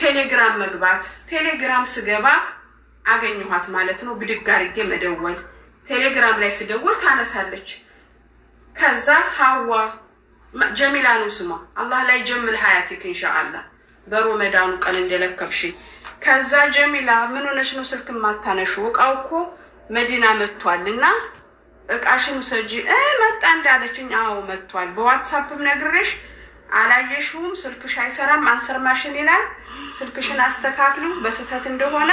ቴሌግራም መግባት፣ ቴሌግራም ስገባ አገኘኋት ማለት ነው። ብድግ አድርጌ መደወል፣ ቴሌግራም ላይ ስደውል ታነሳለች። ከዛ ሀዋ ጀሚላ ነው ስሟ። አላህ ላይ ጀምል ሀያቲክ እንሻአላ በሮመዳኑ ቀን እንደለከፍሽ። ከዛ ጀሚላ ምን ሆነሽ ነው ስልክ ማታነሹ? እቃው እኮ መዲና መጥቷል እና እቃሽን ውሰጂ መጣ እንዳለችኝ። አዎ መጥቷል፣ በዋትሳፕም ነግሬሽ አላየሽውም፣ ስልክሽ አይሰራም፣ አንሰር ማሽን ይላል። ስልክሽን አስተካክሉ፣ በስህተት እንደሆነ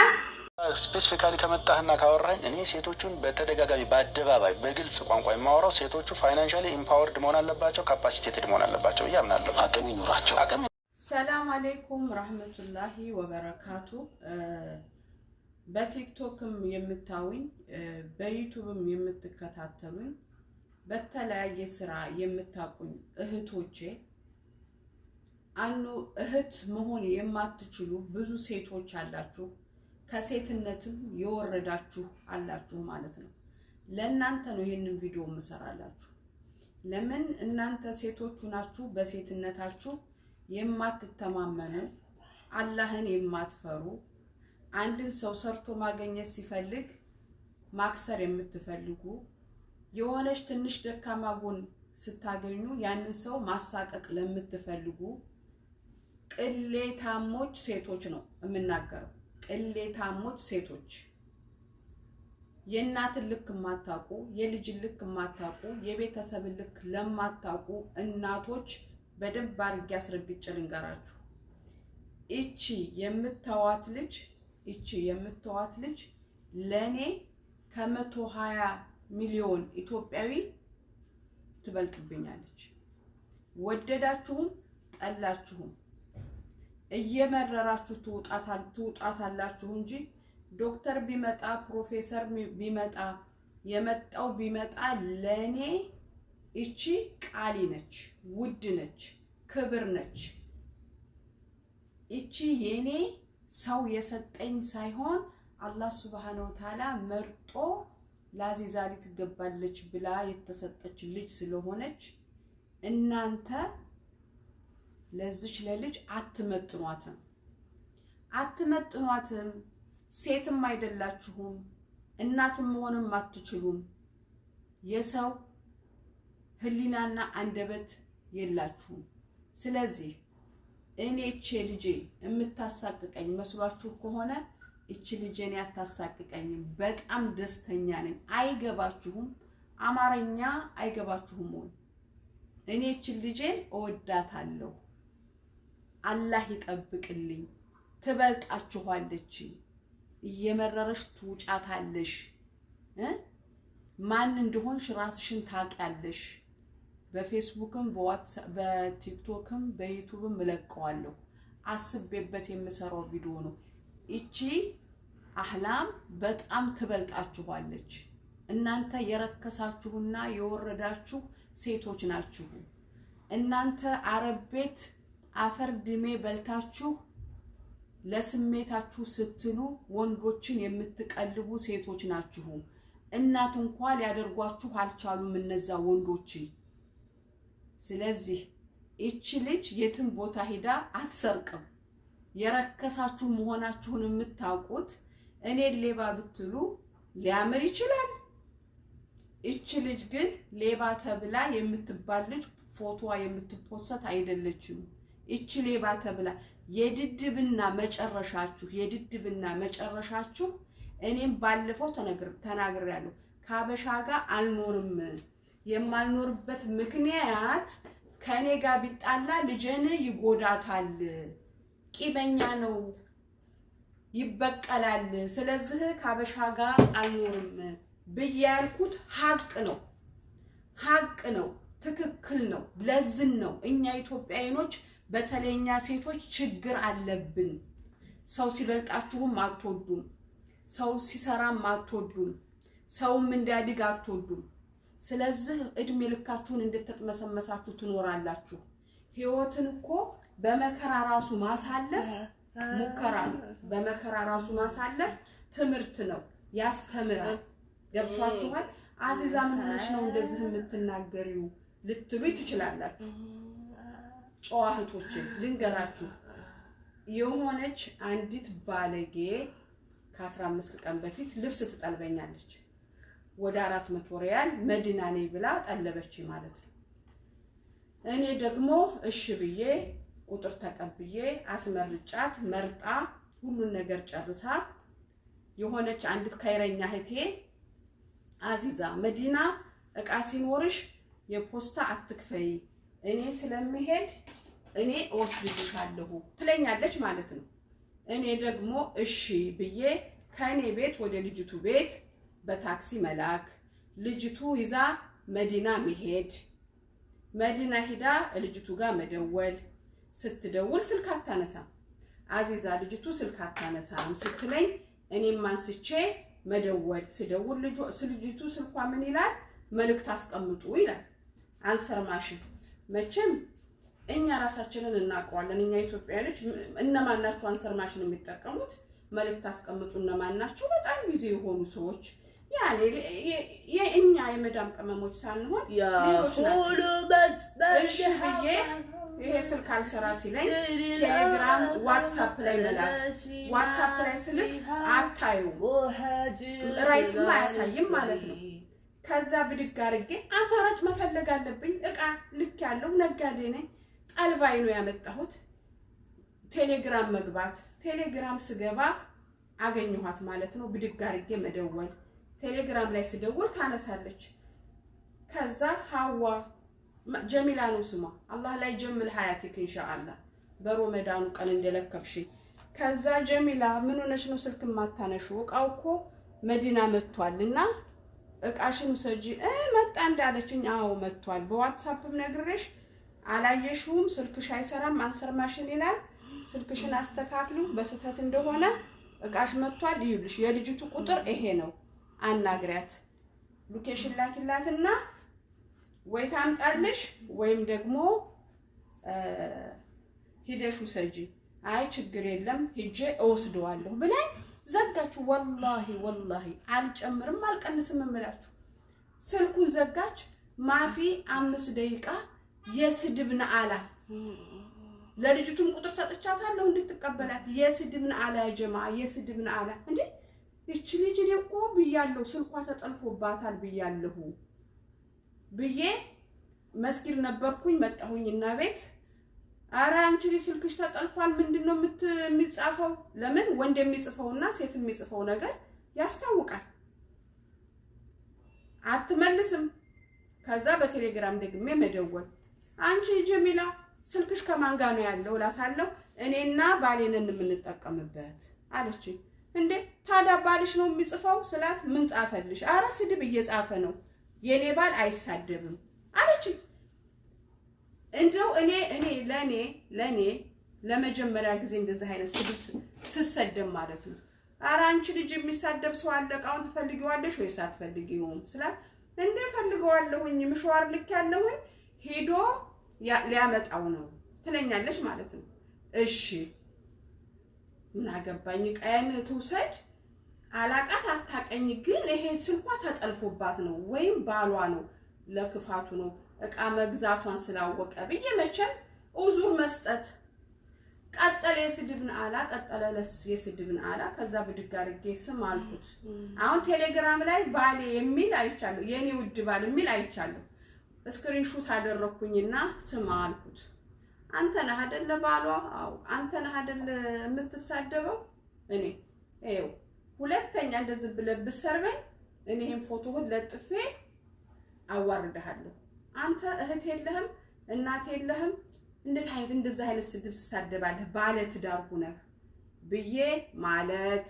ስፔሲፊካሊ ከመጣህና ካወራኝ እኔ ሴቶቹን በተደጋጋሚ በአደባባይ በግልጽ ቋንቋ የማወራው ሴቶቹ ፋይናንሻሊ ኢምፓወርድ መሆን አለባቸው፣ ካፓሲቴትድ መሆን አለባቸው ብዬ አቅም ይኑራቸው። አቅም ሰላም አሌይኩም ረህመቱላሂ ወበረካቱ። በቲክቶክም የምታዩኝ በዩቱብም የምትከታተሉኝ በተለያየ ስራ የምታቁኝ እህቶቼ አኑ እህት መሆን የማትችሉ ብዙ ሴቶች አላችሁ፣ ከሴትነትም የወረዳችሁ አላችሁ ማለት ነው። ለእናንተ ነው ይህንን ቪዲዮ የምሰራላችሁ። ለምን እናንተ ሴቶቹ ናችሁ፣ በሴትነታችሁ የማትተማመኑ አላህን የማትፈሩ አንድን ሰው ሰርቶ ማገኘት ሲፈልግ ማክሰር የምትፈልጉ የሆነች ትንሽ ደካማ ጎን ስታገኙ ያንን ሰው ማሳቀቅ ለምትፈልጉ ቅሌታሞች ሴቶች ነው የምናገረው። ቅሌታሞች ሴቶች የእናትን ልክ የማታውቁ የልጅን ልክ የማታውቁ የቤተሰብን ልክ ለማታውቁ እናቶች በደንብ አድርጌ አስረግጬ ልንገራችሁ። እቺ የምታዋት ልጅ እቺ የምታዋት ልጅ ለእኔ ከመቶ ሀያ ሚሊዮን ኢትዮጵያዊ ትበልጥብኛለች። ወደዳችሁም ጠላችሁም እየመረራችሁ ትውጣታላችሁ እንጂ ዶክተር ቢመጣ ፕሮፌሰር ቢመጣ የመጣው ቢመጣ ለእኔ እቺ ቃሊ ነች፣ ውድ ነች፣ ክብር ነች። እቺ የኔ ሰው የሰጠኝ ሳይሆን አላህ ሱብሃነሁ ወተዓላ መርጦ ላዚዛሊ ትገባለች ብላ የተሰጠች ልጅ ስለሆነች እናንተ ለዚች ለልጅ አትመጥኗትም አትመጥኗትም። ሴትም አይደላችሁም፣ እናትም መሆንም አትችሉም። የሰው ሕሊናና አንደበት የላችሁም። ስለዚህ እኔ እቼ ልጄ የምታሳቅቀኝ መስሏችሁ ከሆነ እቺ ልጄ እኔ አታሳቅቀኝም። በጣም ደስተኛ ነኝ። አይገባችሁም፣ አማርኛ አይገባችሁም ወይ? እኔ እቺ ልጄን እወዳታለሁ። አላህ ይጠብቅልኝ። ትበልጣችኋለች፣ እየመረረሽ ትውጫታለሽ። ማን እንደሆንሽ ራስሽን ታውቂያለሽ። በፌስቡክም በቲክቶክም በዩቱብም እለቀዋለሁ። አስቤበት የምሰራው ቪዲዮ ነው። ይቺ አህላም በጣም ትበልጣችኋለች። እናንተ የረከሳችሁና የወረዳችሁ ሴቶች ናችሁ። እናንተ አረብ ቤት አፈር ድሜ በልታችሁ ለስሜታችሁ ስትሉ ወንዶችን የምትቀልቡ ሴቶች ናችሁ። እናት እንኳ ሊያደርጓችሁ አልቻሉም እነዛ ወንዶች ስለዚህ ይቺ ልጅ የትም ቦታ ሂዳ አትሰርቅም። የረከሳችሁ መሆናችሁን የምታውቁት እኔ ሌባ ብትሉ ሊያምር ይችላል። ይቺ ልጅ ግን ሌባ ተብላ የምትባል ልጅ ፎቶዋ የምትፖሰት አይደለችም። እቺ ሌባ ተብላ የድድብና መጨረሻችሁ የድድብና መጨረሻችሁ። እኔም ባለፈው ተናግሬያለሁ። ከአበሻ ጋር አልኖርም። የማልኖርበት ምክንያት ከእኔ ጋር ቢጣላ ልጄን ይጎዳታል፣ ቂመኛ ነው፣ ይበቀላል። ስለዚህ ከአበሻ ጋር አልኖርም ብዬ ያልኩት ሀቅ ነው፣ ሀቅ ነው፣ ትክክል ነው። ለዝን ነው እኛ ኢትዮጵያዊኖች በተለይኛ ሴቶች ችግር አለብን። ሰው ሲበልጣችሁም አትወዱም። ሰው ሲሰራም አትወዱም። ሰውም እንዲያድግ አትወዱም። ስለዚህ እድሜ ልካችሁን እንድትመሰመሳችሁ ትኖራላችሁ። ህይወትን እኮ በመከራ ራሱ ማሳለፍ ሙከራ ነው። በመከራ ራሱ ማሳለፍ ትምህርት ነው፣ ያስተምራል። ገብቷችኋል? አዚዛ ምን ሆነሽ ነው እንደዚህ የምትናገሪው ልትሉኝ ትችላላችሁ። ጨዋ እህቶችን ልንገራችሁ፣ የሆነች አንዲት ባለጌ ከ15 ቀን በፊት ልብስ ትጠልበኛለች። ወደ አራት መቶ ሪያል መዲና ነኝ ብላ ጠለበች ማለት ነው። እኔ ደግሞ እሽ ብዬ ቁጥር ተቀብዬ አስመርጫት መርጣ ሁሉን ነገር ጨርሳ የሆነች አንዲት ካይረኛ እህቴ አዚዛ መዲና እቃ ሲኖርሽ የፖስታ አትክፈይ እኔ ስለምሄድ እኔ እወስድልሻለሁ ትለኛለች ማለት ነው። እኔ ደግሞ እሺ ብዬ ከእኔ ቤት ወደ ልጅቱ ቤት በታክሲ መላክ፣ ልጅቱ ይዛ መዲና መሄድ፣ መዲና ሂዳ ልጅቱ ጋር መደወል። ስትደውል ስልክ አታነሳም፣ አዚዛ ልጅቱ ስልክ አታነሳም ስትለኝ እኔም አንስቼ መደወል ስደውል ልጅቱ ስልኳ ምን ይላል? መልእክት አስቀምጡ ይላል። አንሰር ማሽን መቼም እኛ ራሳችንን እናውቀዋለን። እኛ ኢትዮጵያውያኖች እነማን ናቸው አንሰር ማሽን የሚጠቀሙት መልእክት አስቀምጡ እነማን ናቸው? በጣም ጊዜ የሆኑ ሰዎች ያኔ የእኛ የመዳም ቅመሞች ሳንሆን ሁሉ እሺ ብዬ ይሄ ስልክ አልሰራ ሲለኝ ቴሌግራም፣ ዋትሳፕ ላይ መላክ ዋትሳፕ ላይ ስልክ አታዩ ራይትም አያሳይም ማለት ነው ከዛ ብድግ አድርጌ አማራጭ መፈለግ አለብኝ። እቃ ልክ ያለው ነጋዴ ነኝ። ጠልባይ ነው ያመጣሁት። ቴሌግራም መግባት፣ ቴሌግራም ስገባ አገኘኋት ማለት ነው። ብድግ አድርጌ መደወል፣ ቴሌግራም ላይ ስደውል ታነሳለች። ከዛ ሀዋ ጀሚላ ነው ስሟ። አላህ ላይ ጀምል ሀያቲክ በሮ በሮመዳኑ ቀን እንደለከፍሽ። ከዛ ጀሚላ ምን ሆነሽ ነው ስልክ ማታነሹ? እቃው እኮ መዲና እና እቃሽን ውሰጂ መጣ እንዳለችኝ፣ አዎ መጥቷል። በዋትሳፕም ነግሬሽ አላየሽውም። ስልክሽ አይሰራም አንሰር ማሽን ይላል። ስልክሽን አስተካክሉ በስህተት እንደሆነ እቃሽ መጥቷል። ይኸውልሽ የልጅቱ ቁጥር ይሄ ነው፣ አናግሪያት። ሎኬሽን ላኪላትና ወይ ታምጣልሽ ወይም ደግሞ ሂደሽ ውሰጂ። አይ ችግር የለም ሂጄ እወስደዋለሁ ብላኝ ዘጋች ወላሂ ወላሂ አልጨምርም አልቀንስም እምላችሁ ስልኩን ዘጋች። ማፊ አምስት ደቂቃ የስድብ ነአላ ለልጅቱም ቁጥር ሰጥቻታለሁ እንድትቀበላት የስድብ ነአላ ጀማ የስድብ ነአላ እንዴ ይቺ ልጅ እኮ ብያለሁ ስልኳ ተጠልፎባታል ብያለሁ ብዬ መስጊድ ነበርኩኝ መጣሁኝ እና ቤት አረ አንቺ ልጅ ስልክሽ ተጠልፏል፣ ምንድን ነው የሚጻፈው? ለምን ወንድ የሚጽፈውና ሴት የሚጽፈው ነገር ያስታውቃል። አትመልስም። ከዛ በቴሌግራም ደግሜ መደወል አንቺ ጀሚላ ስልክሽ ከማን ጋር ነው ያለው እላታለሁ። እኔና ባሌን የምንጠቀምበት አለች እንዴ ታዲያ ባልሽ ነው የሚጽፈው ስላት ምን ጻፈልሽ? አረ ስድብ እየጻፈ ነው የኔ ባል አይሳደብም አለችኝ። እንደው እኔ እኔ ለእኔ ለእኔ ለመጀመሪያ ጊዜ እንደዚህ አይነት ስድብ ስሰደብ ማለት ነው። ኧረ አንቺ ልጅ የሚሳደብ ሰው አለ፣ እቃውን ትፈልጊዋለሽ ወይስ አትፈልጊውም ስላት እንደ ፈልገዋለሁኝ ምሸዋር ልክ ያለሁኝ ሄዶ ሊያመጣው ነው ትለኛለች ማለት ነው። እሺ ምን አገባኝ፣ ቀየን ትውሰድ አላቃት አታቀኝ። ግን ይሄ ስልኳ ተጠልፎባት ነው ወይም ባሏ ነው ለክፋቱ ነው እቃ መግዛቷን ስላወቀ ብዬ መቼም ኡዙር መስጠት ቀጠለ የስድብን አላ ቀጠለ ለስ የስድብን አላ። ከዛ ብድግ አድርጌ ስም አልኩት። አሁን ቴሌግራም ላይ ባሌ የሚል አይቻለሁ፣ የኔ ውድ ባል የሚል አይቻለሁ። ስክሪንሹት አደረኩኝና ስም አልኩት። አንተ ነህ አይደለ ባሏ? አዎ። አንተ ነህ አይደለ የምትሳደበው? እኔ ይኸው ሁለተኛ እንደዚህ ብለህ ብትሰርበኝ እኔ ይሄን ፎቶውን ለጥፌ አዋርድሃለሁ። አንተ እህት የለህም እናት የለህም፣ እንዴት አይነት እንደዚህ አይነት ስድብ ትሳደባለህ? ባለ ትዳር ሁነህ ብዬ ማለት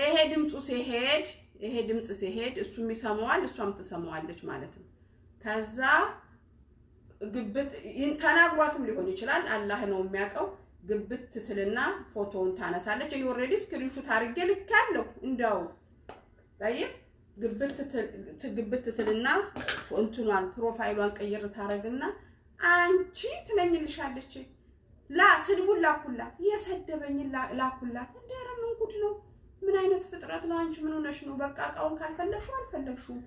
ይሄ ድምፁ ሲሄድ ይሄ ድምፅ ሲሄድ እሱም ይሰማዋል እሷም ትሰማዋለች ማለት ነው። ከዛ ግብት ተናግሯትም ሊሆን ይችላል አላህ ነው የሚያውቀው። ግብት ትትልና ፎቶውን ታነሳለች። እኔ ኦልሬዲ ስክሪንሹት አድርጌ ልክ ያለው እንዳው ግብት ትልና እንትኗን ፕሮፋይሏን ቀይር ታረግና አንቺ ትነኝልሻለች። ላ ስድቡን ላኩላት፣ የሰደበኝን ላኩላት። እንደረ ምን ጉድ ነው? ምን አይነት ፍጥረት ነው? አንቺ ምን ሆነሽ ነው? በቃ እቃውን ካልፈለግሽው አልፈለግሽውም።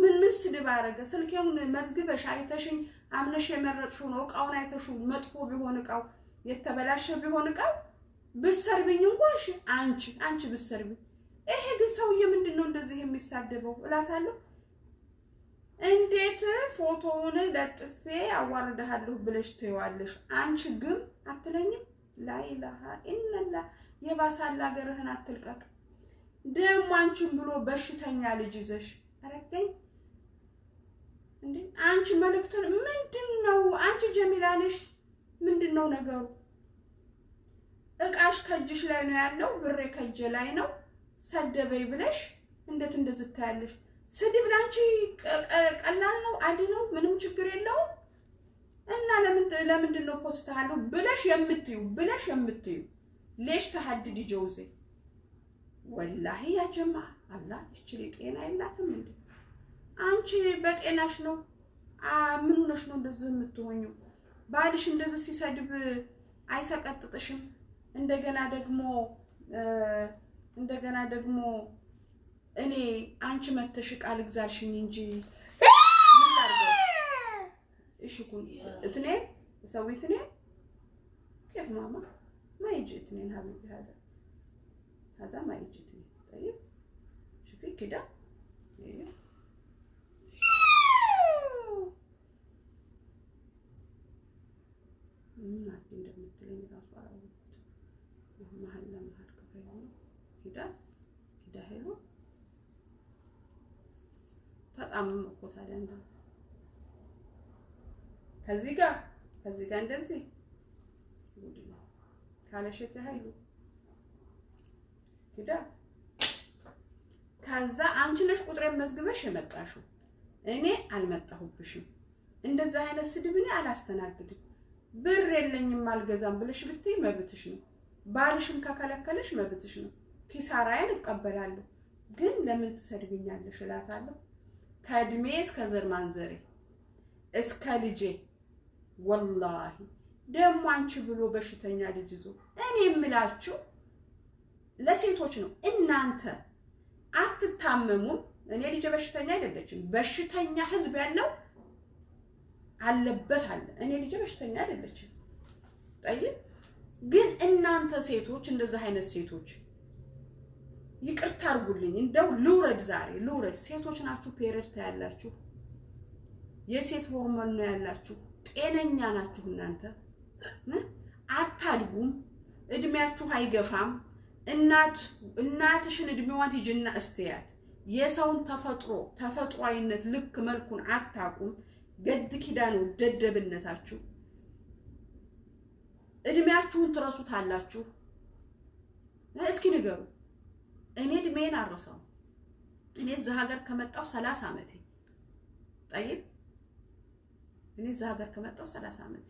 ምን ምን ስድብ አረገ? ስልኬውን መዝግበሽ አይተሽኝ አምነሽ የመረጥሽው ነው። እቃውን አይተሽው መጥፎ ቢሆን እቃው የተበላሸ ቢሆን እቃው ብሰርብኝ እንኳሽ አንቺ አንቺ ብሰርብኝ ይሄ ግን ሰውዬ ምንድን ነው እንደዚህ የሚሳደበው እላታለሁ። እንዴት ፎቶውን ለጥፌ አዋርድሃለሁ ብለሽ ትይዋለሽ? አንቺ ግን አትለኝም። ላይላሃ ኢለላ የባሳላ ሀገርህን አትልቀቅ። ደግሞ አንቺን ብሎ በሽተኛ ልጅ ይዘሽ አረገኝ እንዴ! አንቺ መልእክቱን ምንድን ነው? አንቺ ጀሚላ ነሽ። ምንድን ነው ነገሩ? እቃሽ ከእጅሽ ላይ ነው ያለው፣ ብሬ ከእጄ ላይ ነው ሰደበኝ ብለሽ እንዴት እንደዚህ ታያለሽ? ስድብ ላንቺ ቀላል ነው፣ አዲ ነው፣ ምንም ችግር የለውም። እና ለምንድን ነው ፖስትሃለሁ ብለሽ የምትዩ ብለሽ የምትዩ ሌሽ ተሀድድ ጀውዜ ወላሂ ያጀማ አላህ ይችል ጤና የላትም እንዴ? አንቺ በጤናሽ ነው ምን ሆነሽ ነው እንደዚህ የምትሆኙ? ባልሽ እንደዚህ ሲሰድብ አይሰቀጥጥሽም? እንደገና ደግሞ እንደገና ደግሞ እኔ አንቺ መተሽ ቃል እንጂ እሽኩን እትኔ ሰው እትኔ ማማ ማይጅ እትኔን ሀቢብ ሀደ ሀዛ ማይጅ እትኔ ጠይብ ሽፊ በጣም መቆታለ እንደ ከዚህ ጋር ከዚህ ጋር እንደዚህ ካለሸት ኃይሉ ሂዳ ከዛ አንቺ ነሽ ቁጥሬን መዝግበሽ የመጣሽው እኔ አልመጣሁብሽም። እንደዛ አይነት ስድብ እኔ አላስተናግድም። ብር የለኝም አልገዛም ብለሽ ብትይ መብትሽ ነው። ባልሽም ከከለከለሽ መብትሽ ነው። ኪሳራዬን እቀበላለሁ። ግን ለምን ትሰድብኛለሽ እላታለሁ። ከእድሜ እስከ ዘር ማንዘሬ እስከ ልጄ ወላሂ ደግሞ አንቺ ብሎ በሽተኛ ልጅ ይዞ እኔ የምላችሁ ለሴቶች ነው። እናንተ አትታመሙም። እኔ ልጄ በሽተኛ አይደለችም። በሽተኛ ህዝብ ያለው አለበት አለ። እኔ ልጄ በሽተኛ አይደለችም። ጠይቅ ግን እናንተ ሴቶች እንደዚህ አይነት ሴቶች ይቅርታ አድርጉልኝ፣ እንደው ልውረድ፣ ዛሬ ልውረድ። ሴቶች ናችሁ፣ ፔሬድ ታያላችሁ፣ የሴት ሆርሞን ነው ያላችሁ፣ ጤነኛ ናችሁ እናንተ። አታድጉም፣ እድሜያችሁ አይገፋም። እናት እናትሽን እድሜዋን ሂጂና እስትያት የሰውን ተፈጥሮ ተፈጥሯዊነት ልክ መልኩን አታቁም። ገድ ኪዳን ደደብነታችሁ እድሜያችሁን ትረሱታላችሁ። እስኪ ንገሩ። እኔ እድሜን አረሰው። እኔ እዛ ሀገር ከመጣው ሰላሳ ዓመቴ ጠይብ እኔ እዛ ሀገር ከመጣው ሰላሳ ዓመቴ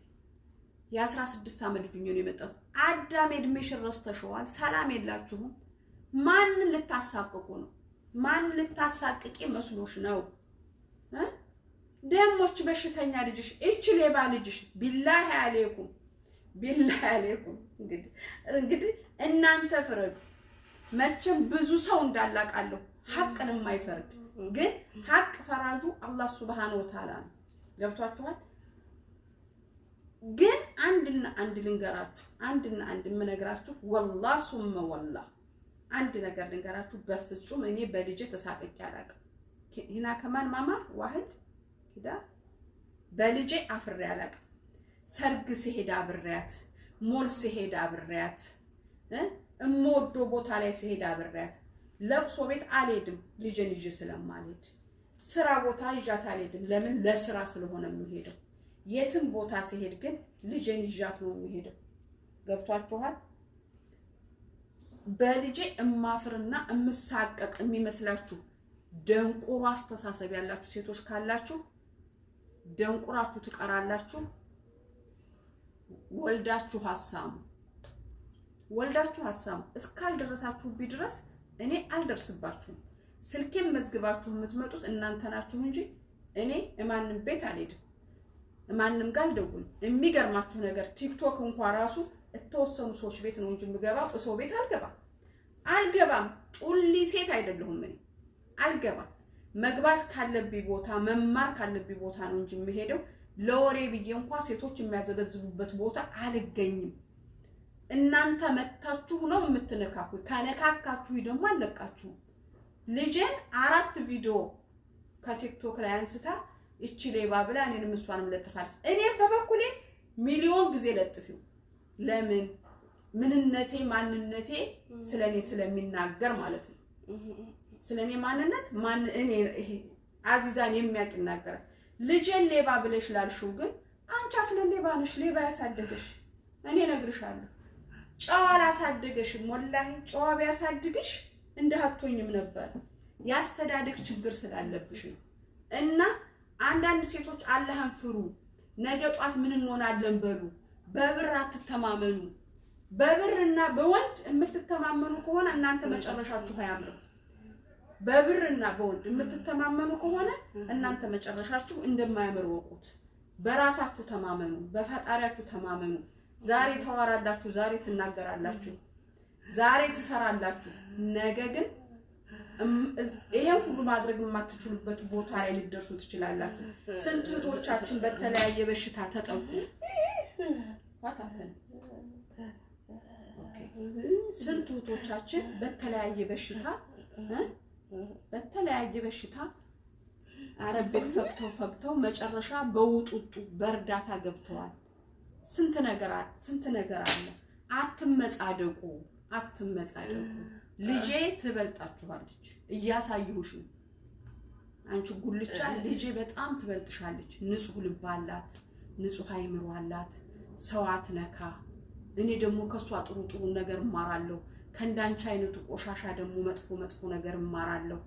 የአስራ ስድስት ዓመት ልጁ ነው የመጣሁት። አዳም እድሜሽን ረስተሽዋል። ሰላም የላችሁም። ማንን ልታሳቅቁ ነው? ማንን ልታሳቅቂ መስሎሽ ነው? ደሞች በሽተኛ ልጅሽ እች ሌባ ልጅሽ ቢላህ አሌኩም ቢላህ አሌኩም። እንግዲህ እንግዲህ እናንተ ፍረዱ። መቼም ብዙ ሰው እንዳላቃለሁ ሀቅን የማይፈርድ ግን ሀቅ ፈራጁ አላህ ሱብሃነ ወተዓላ ነው። ገብቷችኋል? ግን አንድና አንድ ልንገራችሁ፣ አንድና አንድ የምነግራችሁ ወላ ሱመ ወላ አንድ ነገር ልንገራችሁ። በፍጹም እኔ በልጄ ተሳቅቄ አላውቅም። ሂና ከማን ማማ ዋህድ ሂዳ በልጄ አፍሬ አላውቅም። ሰርግ ስሄድ አብሬያት፣ ሞል ስሄድ አብሬያት እምወደው ቦታ ላይ ስሄድ አብሬያት፣ ለቅሶ ቤት አልሄድም ልጄን ይዤ ስለማልሄድ፣ ስራ ቦታ ይዣት አልሄድም። ለምን ለስራ ስለሆነ የምሄደው። የትም ቦታ ስሄድ ግን ልጅን ይዣት ነው የምሄደው። ገብቷችኋል? በልጄ እማፍርና እምሳቀቅ የሚመስላችሁ ደንቆሮ አስተሳሰብ ያላችሁ ሴቶች ካላችሁ ደንቁራችሁ ትቀራላችሁ። ወልዳችሁ ሀሳሙ ወልዳችሁ ሀሳቡ እስካልደረሳችሁብኝ ድረስ እኔ አልደርስባችሁም። ስልኬን መዝግባችሁ የምትመጡት እናንተ ናችሁ እንጂ እኔ እማንም ቤት አልሄድም፣ እማንም ጋር አልደውልም። የሚገርማችሁ ነገር ቲክቶክ እንኳ ራሱ የተወሰኑ ሰዎች ቤት ነው እንጂ የምገባው ሰው ቤት አልገባም። አልገባም። ጡሊ ሴት አይደለሁም እኔ አልገባም። መግባት ካለብኝ ቦታ መማር ካለብኝ ቦታ ነው እንጂ የምሄደው። ለወሬ ብዬ እንኳ ሴቶች የሚያዘበዝቡበት ቦታ አልገኝም። እናንተ መታችሁ ነው የምትነካኩ። ከነካካችሁ ደግሞ አለቃችሁ። ልጄን አራት ቪዲዮ ከቲክቶክ ላይ አንስታ እቺ ሌባ ብላ እኔንም እሷንም ለጥፋለች። እኔም በበኩሌ ሚሊዮን ጊዜ ለጥፊው። ለምን ምንነቴ ማንነቴ ስለኔ ስለሚናገር ማለት ነው። ስለኔ ማንነት ማን እኔ ይሄ አዚዛን የሚያውቅ ይናገራል። ልጄን ሌባ ብለሽ ላልሽው ግን አንቺ አስለ ሌባ ነሽ። ሌባ ያሳደገሽ እኔ እነግርሻለሁ። ጨዋ አላሳደገሽም። ወላሂ ጨዋ ቢያሳድግሽ እንዲህ ነበር። ያስተዳደግ ችግር ስላለብሽ ነው። እና አንዳንድ ሴቶች አላህን ፍሩ፣ ነገ ጧት ምን እንሆናለን በሉ። በብር አትተማመኑ። በብርና በወንድ የምትተማመኑ ከሆነ እናንተ መጨረሻችሁ አያምርም። በብርና በወንድ የምትተማመኑ ከሆነ እናንተ መጨረሻችሁ እንደማያምር ወቁት። በራሳችሁ ተማመኑ፣ በፈጣሪያችሁ ተማመኑ። ዛሬ ታወራላችሁ፣ ዛሬ ትናገራላችሁ፣ ዛሬ ትሰራላችሁ። ነገ ግን ይሄን ሁሉ ማድረግ የማትችሉበት ቦታ ላይ ልደርሱ ትችላላችሁ። ስንት እህቶቻችን በተለያየ በሽታ ተጠቁ። ስንት እህቶቻችን በተለያየ በሽታ በተለያየ በሽታ አረቤት ቤት ፈቅተው መጨረሻ በውጡጡ በእርዳታ ገብተዋል። ስንት ነገር ስንት ነገር አለ። አትመጻደቁ፣ አትመጻደቁ። ልጄ ትበልጣችኋለች፣ እያሳየሁሽ ነው። አንቺ ጉልቻ ልጄ በጣም ትበልጥሻለች። ንጹህ ልብ አላት፣ ንጹህ አይምሮ አላት። ሰው አትነካ። እኔ ደግሞ ከሷ ጥሩ ጥሩ ነገር እማራለሁ፣ ከእንዳንቺ አይነቱ ቆሻሻ ደግሞ መጥፎ መጥፎ ነገር እማራለሁ።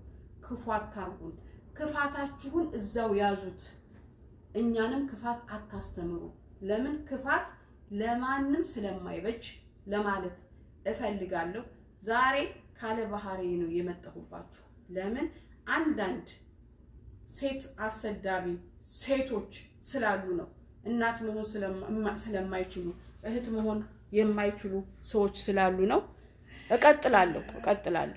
ክፉ አታርጉን። ክፋታችሁን እዛው ያዙት። እኛንም ክፋት አታስተምሩ። ለምን ክፋት ለማንም ስለማይበጅ ለማለት እፈልጋለሁ። ዛሬ ካለ ባህሪ ነው የመጣሁባችሁ። ለምን አንዳንድ ሴት አሰዳቢ ሴቶች ስላሉ ነው። እናት መሆን ስለማይችሉ እህት መሆን የማይችሉ ሰዎች ስላሉ ነው። እቀጥላለሁ እቀጥላለሁ።